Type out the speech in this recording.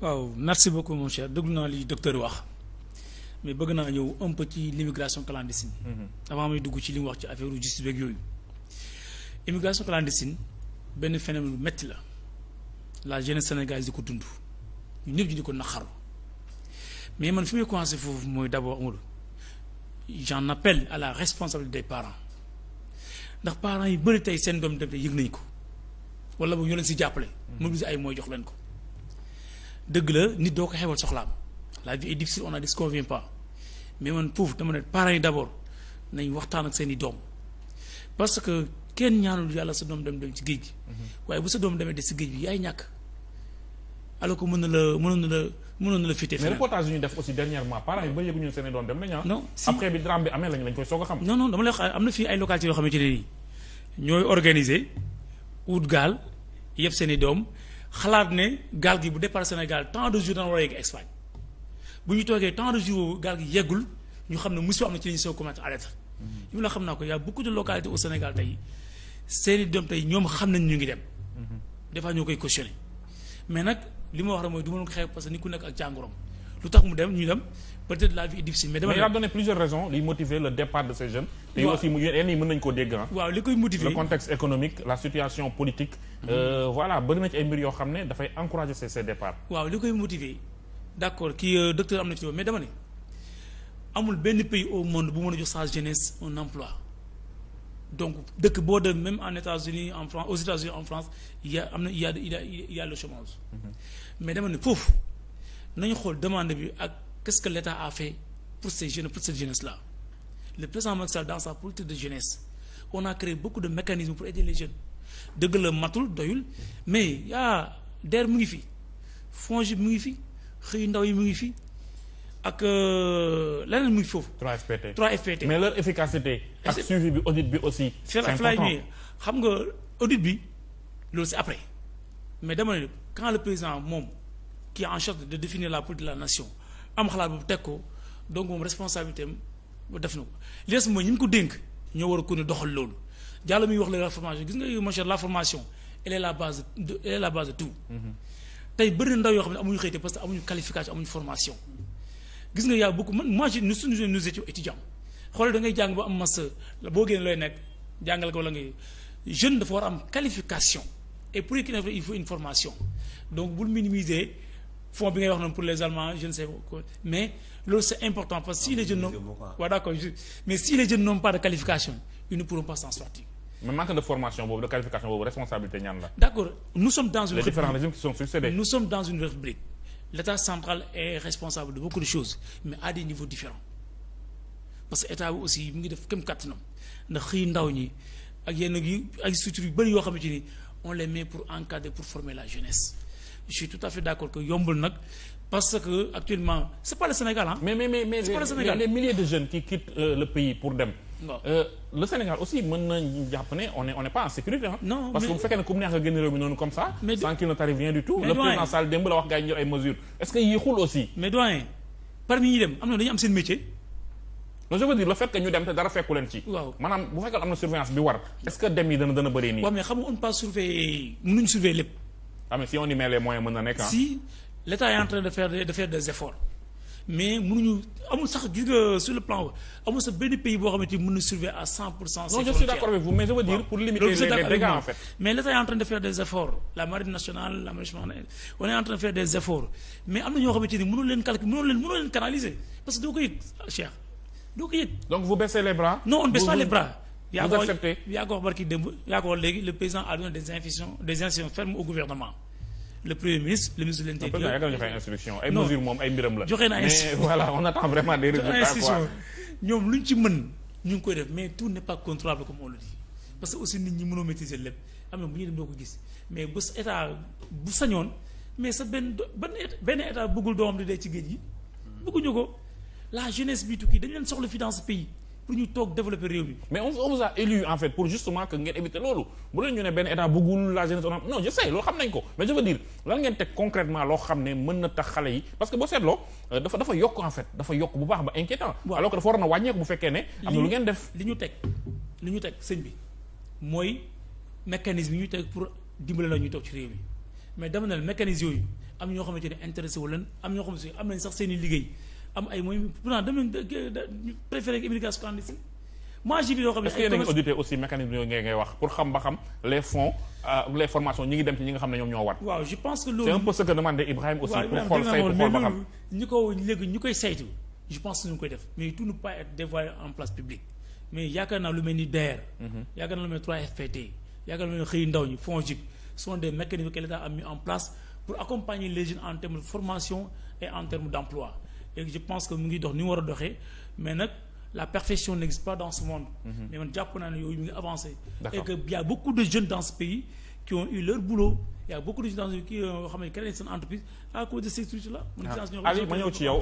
waaw merci beaucoup mon cher déglu naa li docteur wax mais bëgg naa ñëw un peu ci l'immigration clandestine. Mhm. avant may dugg ci li mu wax ci affaire justice beeg yooyu. immigration clandestine benn phénomène bu métti la la jeunesse sénégalaise di ko dund ñu ñëpp ñu di ko naqaru mais man fi may commencé foofu mooy d'abord amul j'en appelle à la responsabilité des parents ndax parents yi bëri tey seen doom dem te yëg nañ ko wala boog ñoo leen si jàppale. Mhm. mobiliser ay mooy jox leen ko. dëgg la nit doo ko xewal soxlaa la vie est difficile on ne mais man pouf dama ne parents yi d' abord nañ waxtaan ak seen i doom parce que kenn ñaanul yàlla sa doom dem dem ci géej gi. Mhm. waaye bu sa doom demee des ci géej bi yaay ñàkk. alors que mën na la mënoon na la mënoon na la féetee. mais reportage yu ñu def aussi dernièrement parents yi ba yëgu ñu seen i doom dem nañ ah. non si a xam. non non dama lay wax am na fii ay localités yoo xamante ne nii ñooy organiser wut gaal yëpp seen i doom. xalaat ne gaal gi bu départ Sénégal tant de jours dana war a yegg Espagne bu ñu toogee tant de jours gaal gi yeggul ñu xam ne musiba am na ci la ñu soog à l'être yi mu la xam naa ko y a beaucoup de localités au Sénégal tey seeni doom tey ñoom xam nañ ñu ngi dem mhm. des fois ñoo koy cautionné mais nag li ma wax rek mooy du ma ko xew parce ni ku nekk ak jàngoroom lu tax mu dem ñu dem peut-être la vie est difficile mais dama il a plusieurs raisons te aussi yeneen yi mën nañu koo dégg waaw li koy motiver le contexte économique la situation politique. Mm-hmm. Euh, voilà bëri na ci ay mbir yoo xam ne dafay encourager ces ces départs. waaw li koy motiver d' accord euh, ci mais dama ne amul benn pays au monde bu mën a jox sa jeunesse un emploi donc dëkk boo dem même en États-Unis en France au États-Unis en France y' a am a y' a le chômage. Mm-hmm. mais dama ne foofu nañu xool demande bi ak qu'est-ce que l' État a pour ces jeunes pour cette jeunesse là. le président Macky Sall dans sa politique de jeunesse on a créé beaucoup de mécanismes pour aider les jeunes dëgg la matul doyul mais yaa DER mu ngi fi FONGIP mu ngi fi xëyu ndaw yi mu ngi fi ak euh, leneen mu ngi foofu. 3FPT 3FPT mais leur efficacité. ak suivi bi audit bi aussi. c'est important xam nga audit bi loolu c'est après mais dama ne quand le président moom qui est en charge de définir la politique de la nation am xalaat boobu teg ko donc moom responsabilité am def na ko lees mooy ñu ko dénk ñoo war a ko ne doxal loolu jàll muy wax la la mm-hmm. formation gis nga yow monsieur man moi je nous nous nous étions étudiants xoolal da ngay jàng ba am master boo génnee looy nekk jàngal ko wala ngay jeune dafa war a am qualification et pour qu'il il faut une donc bul minimiser. fonds bi ngay wax noonu pour les Allemands je ne sais quoi mais loolu c'est important parce que si les jeunes n'ont waaw ah, d'accord mais si les jeunes n'ont pas de qualification ils ne pourront pas s'en manque de formation boobu de qualification boobu responsable de beaucoup de choses mais à des niveaux différents parce que état aussi mu ngi def kem kàttanam ndax xëy ndaw ñi ak yenn yi ak structures yu bëri yoo xamante ni on les mais pour encadrer pour former la jeunesse je tout à fait d' accord yombul nag parce que actuellement c' pas le Sénégal mais mais mais mais les milliers de jeunes qui quittent euh, le pays pour dem. Euh, le Sénégal aussi mën nañu jàpp ne on est on est pas en sécurité non parce que bu fekkee ne ku mu neex nga génn réew noonu comme ça. mais sans qu'il ne rien du tout. le président Sall démb la wax gars yi ay mesures est ce que yéexul aussi. mais doyen parmi ñi dem am na dañu am seen métier. non je ah mais si on y met les moyens mën na nekk ah. est en de faire des efforts mais mënuñu amul sax gis nga sur le plan amul sax benn pays boo xamante ni mën na surveiller à 100 pour cent. non je suis mais je est en de faire des efforts la marine nationale la marine nationale on est en de faire des efforts mais am na ñoo xamante ni mënul leen calcul mënul leen mënul leen canaliser parce doo ko yëg Cheikh doo ko yëg. donc vous baissez les bras. non on ne baisse pas les bras. yaa ko yaa ko wax barki démb yaa ko wax léegi le président a des instructions des instructions fermes au gouvernement le premier ministre le ministre de l'intérieur. non la. joxe ñoom lu ñu ci mën ñu ngi koy def mais tout ne pas contrôlable comme on le dit parce que aussi nit ñi mënoo maîtriser lépp am na bu ñuy dem doo ko gis mais bu sa état bu sañoon mais sa benn benn benn état bëggul doomam di dee ci géej gi. bëgguñu ko la jeunesse bi tukki dañu leen pour ñu toog développer réew bi mais on vous a élu en fait pour justement ngeen éviter loolu bu leen ne benn état bëggul la jeunesse non je xam nañ ko mais je dire lan ngeen teg concrètement loo xam ne mën na tax xale yi parce que boo seetloo euh, dafa dafa yokk en fait dafa yokk bu baax ba inquiétant alors que dafa waroon a wàññeeku bu fekkee ne am na lu ngeen def li ñu teg li ñu teg sëñ bi mooy mécanisme yi ñu teg pour dimbale la ñuy toog ci réew mi mais dama na mécanisme yooyu am ñoo xamante ne intéressé wu leen am ñoo xamante ne am nañ sax seen i liggéey am ay mooy pourtant dem nañu préféré immigration clandestine moi ji yoo xam ne. est-ce que ngi yooyu ngay ngay wax pour xam ba xam les fonds euh, les formations ñi ngi dem ci ñi nga xam ne ñoom ñoo pense que loolu c'est un ñu koy saytu. je pense ko ñu ngi koy def mais tout ne pas être en place publique mais yaakaar naa lu mel ni DER. Mhm. yaakaar naa lu mel ni fpt yaakaar naa lu mel xëy ndaw ñi FONGIP sont des mécanismes que l'État a mis en place pour accompagner les jeunes en termes de formation et en termes d'emploi et je pense que mu ngi dox ni mu war a doxee mais nag la perfection n'existe pas dans ce monde. Mhm. mais man jàpp naa ne yooyu mu ngi avancé. et que y a beaucoup de jeunes dans ce pays qui ont eu leur boulot. y beaucoup de jeunes dans ce pays yoo euh, xam ne créé seen entreprise à cause de ces structures là. Ah. ma ñëw ci yow.